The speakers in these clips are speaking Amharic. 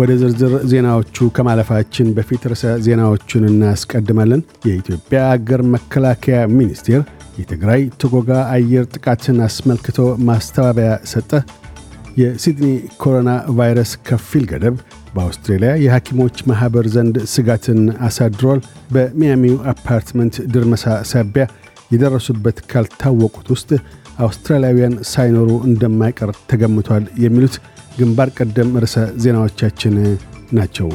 ወደ ዝርዝር ዜናዎቹ ከማለፋችን በፊት ርዕሰ ዜናዎቹን እናስቀድማለን። የኢትዮጵያ አገር መከላከያ ሚኒስቴር የትግራይ ትጎጋ አየር ጥቃትን አስመልክቶ ማስተባበያ ሰጠ። የሲድኒ ኮሮና ቫይረስ ከፊል ገደብ በአውስትሬልያ የሐኪሞች ማኅበር ዘንድ ስጋትን አሳድሯል። በሚያሚው አፓርትመንት ድርመሳ ሳቢያ የደረሱበት ካልታወቁት ውስጥ አውስትራሊያውያን ሳይኖሩ እንደማይቀር ተገምቷል። የሚሉት ግንባር ቀደም ርዕሰ ዜናዎቻችን ናቸው።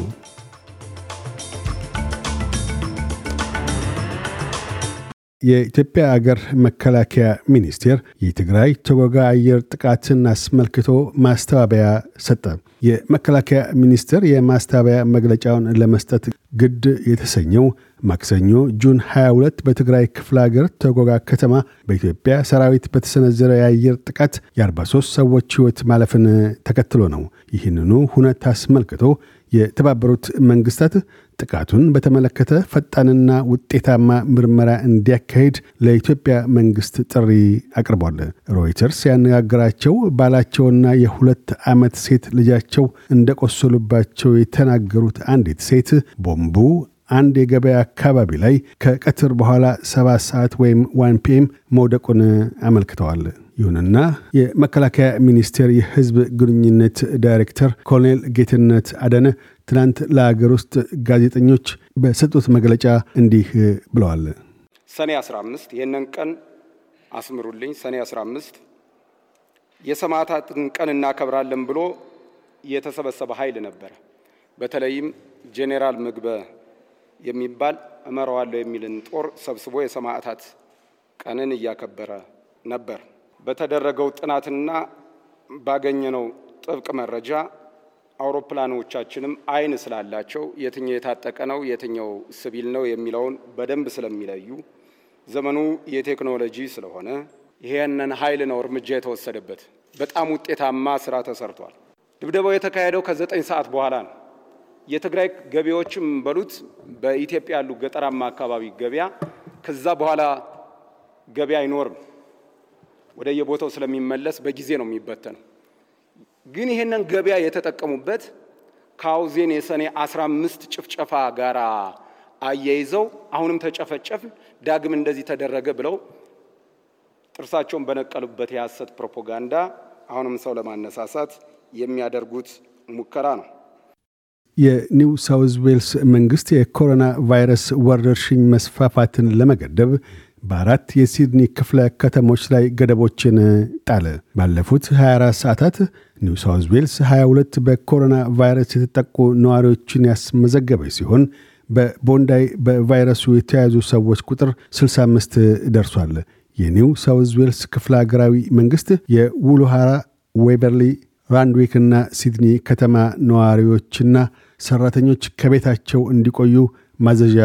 የኢትዮጵያ አገር መከላከያ ሚኒስቴር የትግራይ ተጓጋ አየር ጥቃትን አስመልክቶ ማስተባበያ ሰጠ። የመከላከያ ሚኒስቴር የማስታበያ መግለጫውን ለመስጠት ግድ የተሰኘው ማክሰኞ ጁን 22 በትግራይ ክፍለ ሀገር ተጎጋ ከተማ በኢትዮጵያ ሰራዊት በተሰነዘረ የአየር ጥቃት የ43 ሰዎች ሕይወት ማለፍን ተከትሎ ነው። ይህንኑ ሁነት አስመልክቶ የተባበሩት መንግስታት ጥቃቱን በተመለከተ ፈጣንና ውጤታማ ምርመራ እንዲያካሄድ ለኢትዮጵያ መንግስት ጥሪ አቅርቧል። ሮይተርስ ያነጋገራቸው ባላቸውና የሁለት ዓመት ሴት ልጃቸው እንደቆሰሉባቸው የተናገሩት አንዲት ሴት ቦምቡ አንድ የገበያ አካባቢ ላይ ከቀትር በኋላ 7 ሰዓት ወይም 1 ፒኤም መውደቁን አመልክተዋል። ይሁንና የመከላከያ ሚኒስቴር የህዝብ ግንኙነት ዳይሬክተር ኮሎኔል ጌትነት አደነ። ትናንት ለሀገር ውስጥ ጋዜጠኞች በሰጡት መግለጫ እንዲህ ብለዋል። ሰኔ 15 ይህንን ቀን አስምሩልኝ። ሰኔ 15 የሰማዕታትን ቀን እናከብራለን ብሎ የተሰበሰበ ኃይል ነበረ። በተለይም ጄኔራል ምግበ የሚባል እመራዋለሁ የሚልን ጦር ሰብስቦ የሰማዕታት ቀንን እያከበረ ነበር። በተደረገው ጥናትና ባገኘነው ጥብቅ መረጃ አውሮፕላኖቻችንም አይን ስላላቸው የትኛው የታጠቀ ነው፣ የትኛው ሲቪል ነው የሚለውን በደንብ ስለሚለዩ ዘመኑ የቴክኖሎጂ ስለሆነ ይሄንን ኃይል ነው እርምጃ የተወሰደበት። በጣም ውጤታማ ስራ ተሰርቷል። ድብደባው የተካሄደው ከዘጠኝ ሰዓት በኋላ ነው። የትግራይ ገበያዎችም በሉት በኢትዮጵያ ያሉ ገጠራማ አካባቢ ገበያ ከዛ በኋላ ገበያ አይኖርም። ወደ የቦታው ስለሚመለስ በጊዜ ነው የሚበተነው። ግን ይሄንን ገበያ የተጠቀሙበት ከአውዜን የሰኔ 15 ጭፍጨፋ ጋር አያይዘው አሁንም ተጨፈጨፍ ዳግም እንደዚህ ተደረገ ብለው ጥርሳቸውን በነቀሉበት የሐሰት ፕሮፓጋንዳ አሁንም ሰው ለማነሳሳት የሚያደርጉት ሙከራ ነው። የኒው ሳውዝ ዌልስ መንግስት የኮሮና ቫይረስ ወረርሽኝ መስፋፋትን ለመገደብ በአራት የሲድኒ ክፍለ ከተሞች ላይ ገደቦችን ጣለ። ባለፉት 24 ሰዓታት ኒው ሳውዝ ዌልስ 22 በኮሮና ቫይረስ የተጠቁ ነዋሪዎችን ያስመዘገበ ሲሆን በቦንዳይ በቫይረሱ የተያዙ ሰዎች ቁጥር 65 ደርሷል። የኒው ሳውዝ ዌልስ ክፍለ አገራዊ መንግሥት የውሉሃራ፣ ዌበርሊ፣ ራንድዊክና ሲድኒ ከተማ ነዋሪዎችና ሠራተኞች ከቤታቸው እንዲቆዩ ማዘዣ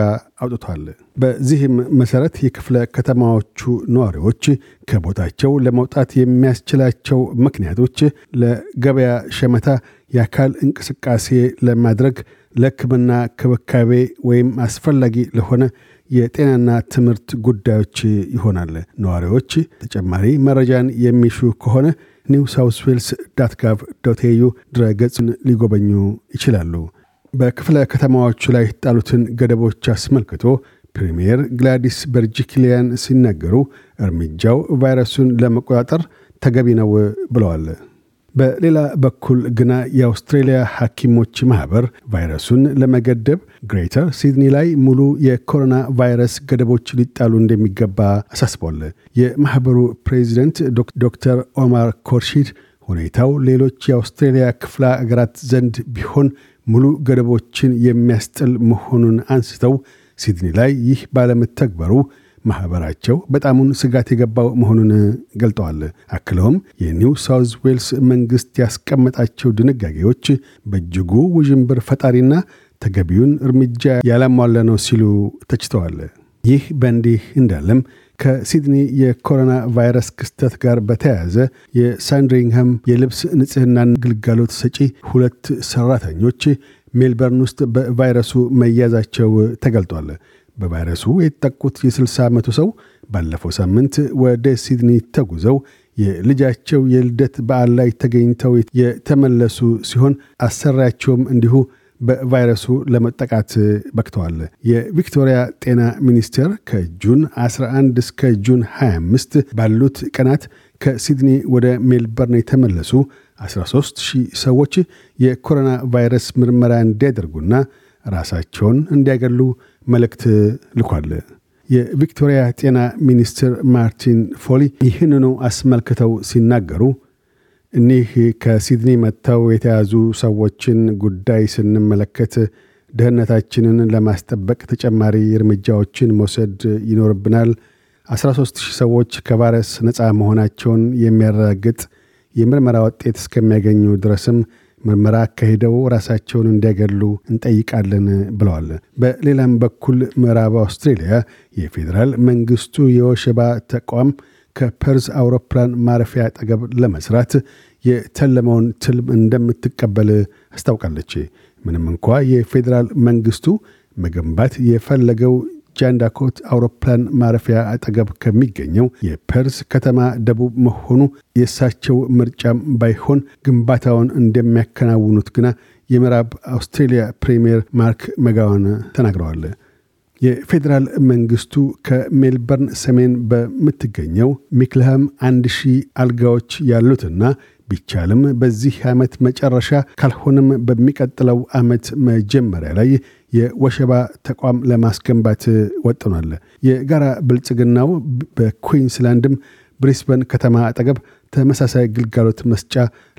አውጥቷል። በዚህም መሰረት የክፍለ ከተማዎቹ ነዋሪዎች ከቦታቸው ለመውጣት የሚያስችላቸው ምክንያቶች ለገበያ ሸመታ፣ የአካል እንቅስቃሴ ለማድረግ፣ ለሕክምና ክብካቤ ወይም አስፈላጊ ለሆነ የጤናና ትምህርት ጉዳዮች ይሆናል። ነዋሪዎች ተጨማሪ መረጃን የሚሹ ከሆነ ኒው ሳውስ ዌልስ ዳት ጋቭ ዶት ኤዩ ድረገጽን ሊጎበኙ ይችላሉ። በክፍለ ከተማዎቹ ላይ የተጣሉትን ገደቦች አስመልክቶ ፕሪምየር ግላዲስ በርጂክሊያን ሲናገሩ እርምጃው ቫይረሱን ለመቆጣጠር ተገቢ ነው ብለዋል። በሌላ በኩል ግና የአውስትሬልያ ሐኪሞች ማኅበር ቫይረሱን ለመገደብ ግሬተር ሲድኒ ላይ ሙሉ የኮሮና ቫይረስ ገደቦች ሊጣሉ እንደሚገባ አሳስቧል። የማኅበሩ ፕሬዚደንት ዶክተር ኦማር ኮርሺድ ሁኔታው ሌሎች የአውስትሬልያ ክፍለ አገራት ዘንድ ቢሆን ሙሉ ገደቦችን የሚያስጥል መሆኑን አንስተው ሲድኒ ላይ ይህ ባለመተግበሩ ማኅበራቸው በጣሙን ስጋት የገባው መሆኑን ገልጠዋል። አክለውም የኒው ሳውዝ ዌልስ መንግሥት ያስቀመጣቸው ድንጋጌዎች በእጅጉ ውዥንብር ፈጣሪና ተገቢውን እርምጃ ያላሟለ ነው ሲሉ ተችተዋል። ይህ በእንዲህ እንዳለም ከሲድኒ የኮሮና ቫይረስ ክስተት ጋር በተያያዘ የሳንድሪንግሃም የልብስ ንጽህናን ግልጋሎት ሰጪ ሁለት ሰራተኞች ሜልበርን ውስጥ በቫይረሱ መያዛቸው ተገልጧል። በቫይረሱ የተጠቁት የ60 ዓመቱ ሰው ባለፈው ሳምንት ወደ ሲድኒ ተጉዘው የልጃቸው የልደት በዓል ላይ ተገኝተው የተመለሱ ሲሆን አሰራያቸውም እንዲሁ በቫይረሱ ለመጠቃት በክተዋል። የቪክቶሪያ ጤና ሚኒስቴር ከጁን 11 እስከ ጁን 25 ባሉት ቀናት ከሲድኒ ወደ ሜልበርን የተመለሱ 13 ሺህ ሰዎች የኮሮና ቫይረስ ምርመራ እንዲያደርጉና ራሳቸውን እንዲያገሉ መልእክት ልኳል። የቪክቶሪያ ጤና ሚኒስትር ማርቲን ፎሊ ይህንኑ አስመልክተው ሲናገሩ እኒህ ከሲድኒ መጥተው የተያዙ ሰዎችን ጉዳይ ስንመለከት ደህንነታችንን ለማስጠበቅ ተጨማሪ እርምጃዎችን መውሰድ ይኖርብናል። 13,000 ሰዎች ከቫይረስ ነፃ መሆናቸውን የሚያረጋግጥ የምርመራ ውጤት እስከሚያገኙ ድረስም ምርመራ አካሂደው ራሳቸውን እንዲያገሉ እንጠይቃለን ብለዋል። በሌላም በኩል ምዕራብ አውስትሬልያ የፌዴራል መንግስቱ የወሸባ ተቋም ከፐርዝ አውሮፕላን ማረፊያ አጠገብ ለመስራት የተለመውን ትልም እንደምትቀበል አስታውቃለች። ምንም እንኳ የፌዴራል መንግስቱ መገንባት የፈለገው ጃንዳኮት አውሮፕላን ማረፊያ አጠገብ ከሚገኘው የፐርስ ከተማ ደቡብ መሆኑ የእሳቸው ምርጫም ባይሆን ግንባታውን እንደሚያከናውኑት ግና የምዕራብ አውስትሬልያ ፕሪምየር ማርክ መጋዋን ተናግረዋል። የፌዴራል መንግስቱ ከሜልበርን ሰሜን በምትገኘው ሚክልሃም አንድ ሺህ አልጋዎች ያሉትና ቢቻልም በዚህ ዓመት መጨረሻ ካልሆነም በሚቀጥለው ዓመት መጀመሪያ ላይ የወሸባ ተቋም ለማስገንባት ወጥኗል። የጋራ ብልጽግናው በኩዊንስላንድም ብሪስበን ከተማ አጠገብ ተመሳሳይ ግልጋሎት መስጫ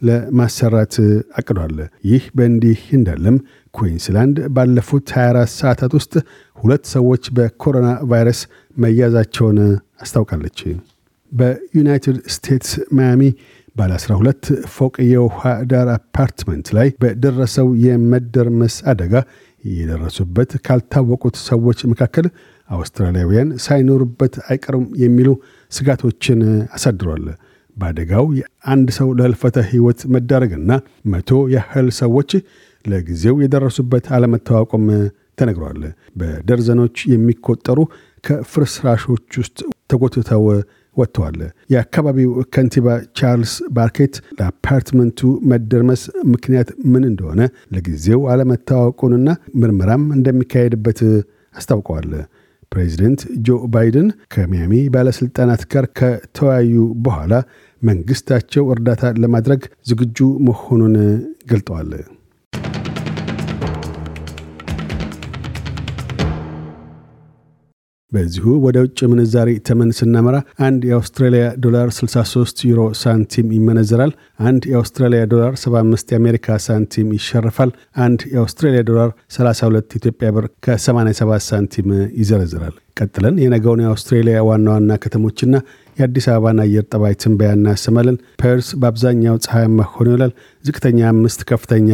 ለማሰራት አቅዷል። ይህ በእንዲህ እንዳለም ኩዊንስላንድ ባለፉት 24 ሰዓታት ውስጥ ሁለት ሰዎች በኮሮና ቫይረስ መያዛቸውን አስታውቃለች። በዩናይትድ ስቴትስ ማያሚ ባለ 12 ፎቅ የውሃ ዳር አፓርትመንት ላይ በደረሰው የመደርመስ አደጋ የደረሱበት ካልታወቁት ሰዎች መካከል አውስትራሊያውያን ሳይኖሩበት አይቀሩም የሚሉ ስጋቶችን አሳድሯል። በአደጋው አንድ ሰው ለልፈተ ሕይወት መዳረግና መቶ ያህል ሰዎች ለጊዜው የደረሱበት አለመታወቁም ተነግሯል። በደርዘኖች የሚቆጠሩ ከፍርስራሾች ውስጥ ተጎትተው ወጥተዋል። የአካባቢው ከንቲባ ቻርልስ ባርኬት ለአፓርትመንቱ መደርመስ ምክንያት ምን እንደሆነ ለጊዜው አለመታወቁንና ምርመራም እንደሚካሄድበት አስታውቀዋል። ፕሬዚደንት ጆ ባይደን ከሚያሚ ባለሥልጣናት ጋር ከተወያዩ በኋላ መንግሥታቸው እርዳታ ለማድረግ ዝግጁ መሆኑን ገልጠዋል። በዚሁ ወደ ውጭ ምንዛሪ ተመን ስናመራ አንድ የአውስትራሊያ ዶላር 63 ዩሮ ሳንቲም ይመነዘራል። አንድ የአውስትራሊያ ዶላር 75 የአሜሪካ ሳንቲም ይሸርፋል። አንድ የአውስትራሊያ ዶላር 32 ኢትዮጵያ ብር ከ87 ሳንቲም ይዘረዝራል። ቀጥለን የነገውን የአውስትሬሊያ ዋና ዋና ከተሞችና የአዲስ አበባን አየር ጠባይ ትንበያ እናሰማለን። ፐርስ በአብዛኛው ፀሐያማ ሆኖ ይውላል። ዝቅተኛ አምስት ከፍተኛ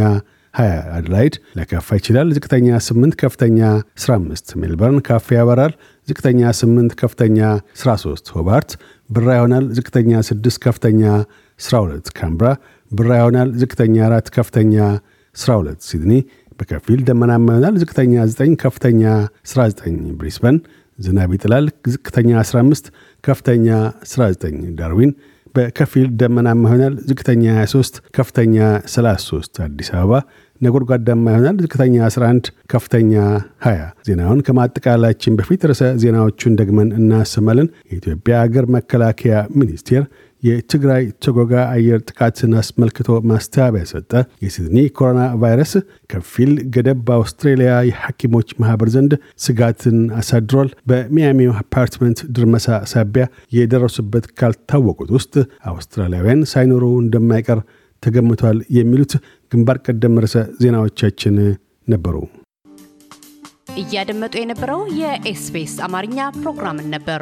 20 አድላይድ ለከፋ ይችላል። ዝቅተኛ 8 ከፍተኛ 15 ሜልበርን ካፌ ያበራል። ዝቅተኛ 8 ከፍተኛ 13 ሆባርት ብራ ይሆናል። ዝቅተኛ 6 ከፍተኛ 12 ካምብራ ብራ ይሆናል። ዝቅተኛ 4 ከፍተኛ 12 ሲድኒ በከፊል ደመናማ ይሆናል። ዝቅተኛ 9 ከፍተኛ 19 ብሪስበን ዝናብ ይጥላል። ዝቅተኛ 15 ከፍተኛ 19 ዳርዊን በከፊል ደመናማ ይሆናል። ዝቅተኛ 23፣ ከፍተኛ 33። አዲስ አበባ ነጎድጓዳማ ይሆናል። ዝቅተኛ 11፣ ከፍተኛ 20። ዜናውን ከማጠቃላችን በፊት ርዕሰ ዜናዎቹን ደግመን እናሰማለን። የኢትዮጵያ አገር መከላከያ ሚኒስቴር የትግራይ ሰጎጋ አየር ጥቃትን አስመልክቶ ማስተባበያ ሰጠ፣ የሲድኒ ኮሮና ቫይረስ ከፊል ገደብ በአውስትሬልያ የሐኪሞች ማህበር ዘንድ ስጋትን አሳድሯል፣ በሚያሚው አፓርትመንት ድርመሳ ሳቢያ የደረሱበት ካልታወቁት ውስጥ አውስትራሊያውያን ሳይኖሩ እንደማይቀር ተገምቷል፣ የሚሉት ግንባር ቀደም ርዕሰ ዜናዎቻችን ነበሩ። እያደመጡ የነበረው የኤስቢኤስ አማርኛ ፕሮግራምን ነበር።